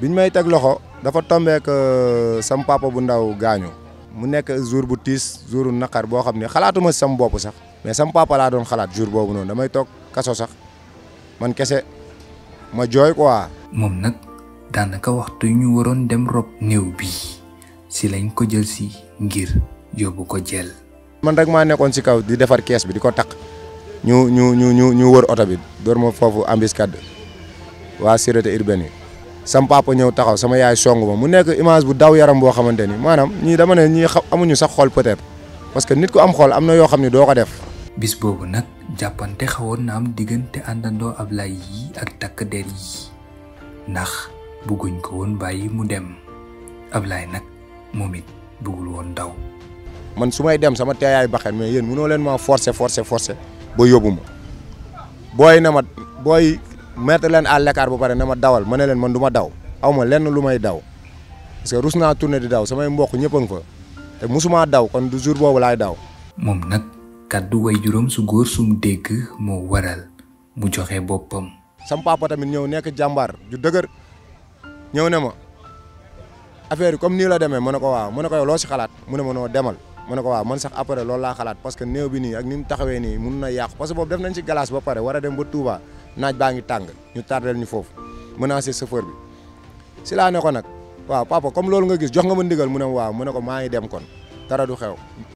biñ may tek loxo dafa ak euh, sam papa bu ndaw gañu mu nek jour bu tis jouru nakar bo xam xalatuma sam bop sax mais sam papa la doon xalat jour bobu non damay tok kasso sax man kese ma joy quoi. moom dan daanaka waxtu ñu waron dem rob new bi si lañ ko jël si ngir yóbbu ko jël. man rek ma nekkon ci kaw di defar caisse bi di tak ñu ñu ñu ñu ñu wër auto bi door ma foofu embuscade waa sûreté urbaine sam papa ñëw taxaw sama yaay song ma mu nekk image bu daw yaram boo xamante ni maanaam ñii dama ne ñii amuñu sax xol peut-être parce que nit ku am xol am na yoo xam ne doo ko def. bis boobu nag jàppante xawoon na am diggante àndandoo Ablaye yi ak takk der yi ndax bëgguñ ko woon bàyyi mu dem Ablaye nag moom it bëggul woon daw. man su may dem sama teeyaay baxen mais yéen mënoo leen maa forcer forcer forcer ba yóbbu ma booy na booy mettre len à l'écart ba paré dawal mané len man duma ma daw awma len lenn lu may daw parce que rus tourner di daw samay mbokk ñepp a nga fa té musuma daw kon du jour bobu lay daw. mom nak kaddu way jurom su góor sum dégg mo waral mu joxé bopam sam papa tamit ñew nek jambar ju dëgër ñew ne affaire comme ni la démé mané ko wa mané ko yow mu demal ko wa man sax après lool la xalat parce que néew bi ni ak nim taxawé ni nii yaq parce que bobu def nañ ci glace ba paré wara dem ba Touba naaj baa ngi tàng ñu tardel ñu foofu menacé chauffeur bi si laa ne ko nag waaw papa comme loolu nga gis jox nga ma ndigal mu ne waaw mu ne ko maa ngi dem kon dara du xew